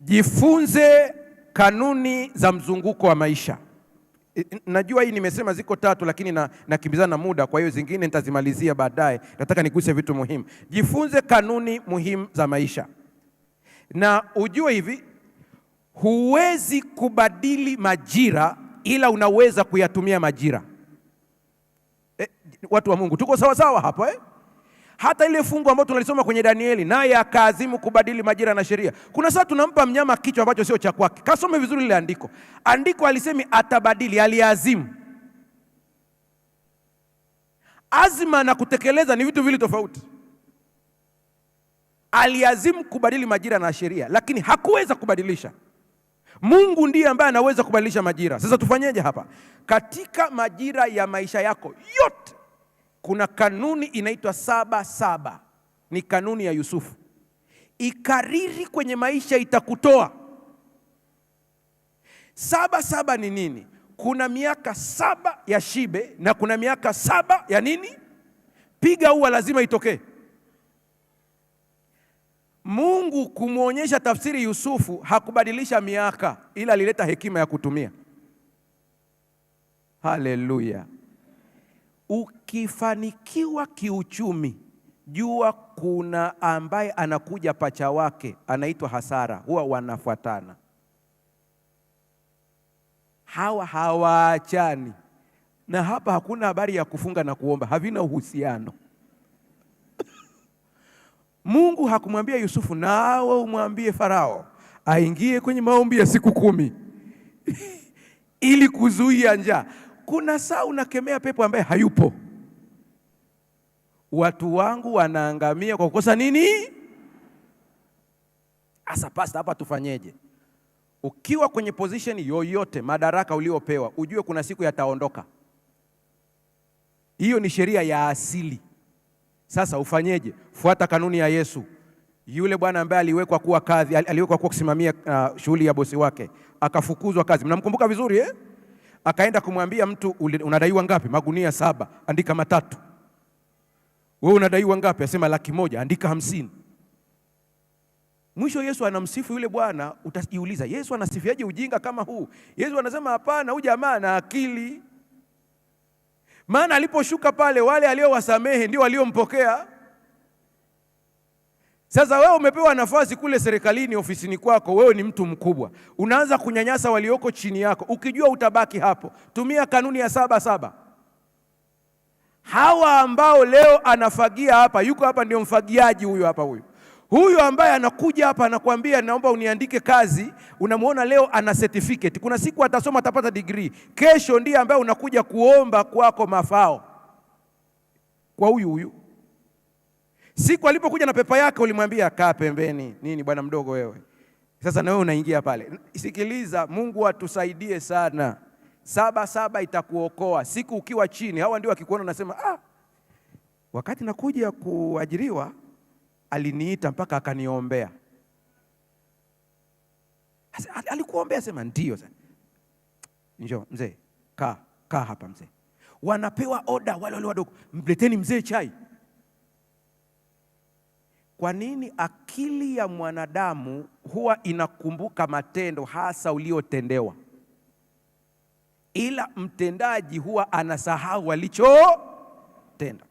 Jifunze kanuni za mzunguko wa maisha. Najua hii nimesema ziko tatu, lakini na nakimbizana na muda, kwa hiyo zingine nitazimalizia baadaye. Nataka niguse vitu muhimu. Jifunze kanuni muhimu za maisha, na ujue hivi, huwezi kubadili majira, ila unaweza kuyatumia majira. E, watu wa Mungu tuko sawasawa hapa eh? hata ile fungu ambayo tunalisoma kwenye Danieli, naye akaazimu kubadili majira na sheria. Kuna saa tunampa mnyama kichwa ambacho sio cha kwake. Kasome vizuri lile andiko. Andiko alisemi atabadili, aliazimu. Azma na kutekeleza ni vitu vili tofauti. Aliazimu kubadili majira na sheria, lakini hakuweza kubadilisha. Mungu ndiye ambaye anaweza kubadilisha majira. Sasa tufanyeje hapa? Katika majira ya maisha yako yote kuna kanuni inaitwa saba saba, ni kanuni ya Yusufu. Ikariri kwenye maisha itakutoa. Saba saba ni nini? Kuna miaka saba ya shibe na kuna miaka saba ya nini? Piga ua, lazima itokee. Mungu kumwonyesha tafsiri Yusufu hakubadilisha miaka, ila alileta hekima ya kutumia. Haleluya! ukifanikiwa kiuchumi, jua kuna ambaye anakuja pacha wake, anaitwa hasara, huwa wanafuatana hawa, hawaachani. Na hapa hakuna habari ya kufunga na kuomba, havina uhusiano. Mungu hakumwambia Yusufu, nawe umwambie Farao aingie kwenye maombi ya siku kumi ili kuzuia njaa. Kuna saa unakemea pepo ambaye hayupo. Watu wangu wanaangamia kwa kukosa nini? Asa pasta, hapa tufanyeje? Ukiwa kwenye position yoyote, madaraka uliopewa, ujue kuna siku yataondoka. Hiyo ni sheria ya asili. Sasa ufanyeje? Fuata kanuni ya Yesu. Yule bwana ambaye aliwekwa kuwa kadhi, aliwekwa kuwa kusimamia uh, shughuli ya bosi wake, akafukuzwa kazi. Mnamkumbuka vizuri eh? akaenda kumwambia mtu, unadaiwa ngapi? Magunia saba, andika matatu. Wewe unadaiwa ngapi? Asema laki moja, andika hamsini. Mwisho Yesu anamsifu yule bwana. Utajiuliza, Yesu anasifiaje ujinga kama huu? Yesu anasema hapana, huyu jamaa ana akili, maana aliposhuka pale wale aliowasamehe ndio waliompokea sasa wewe umepewa nafasi kule serikalini, ofisini kwako, wewe ni mtu mkubwa, unaanza kunyanyasa walioko chini yako, ukijua utabaki hapo. Tumia kanuni ya saba saba. Hawa ambao leo anafagia hapa, yuko hapa, ndio mfagiaji huyu hapa, huyu huyu ambaye anakuja hapa anakuambia naomba uniandike kazi, unamwona leo ana certificate. Kuna siku atasoma atapata degree, kesho ndiye ambaye unakuja kuomba kwako mafao kwa huyu huyu. Siku alipokuja na pepa yake ulimwambia kaa pembeni, nini bwana mdogo wewe? Sasa na wewe unaingia pale. Sikiliza, Mungu atusaidie sana. Saba saba itakuokoa siku ukiwa chini. Hawa ndio akikuona nasema ah, wakati nakuja kuajiriwa aliniita mpaka akaniombea. Alikuombea? Sema ndio. Sasa njoo mzee, kaa kaa hapa mzee. Wanapewa oda wale wale wadogo, mleteni mzee chai kwa nini akili ya mwanadamu huwa inakumbuka matendo hasa uliotendewa, ila mtendaji huwa anasahau alichotenda?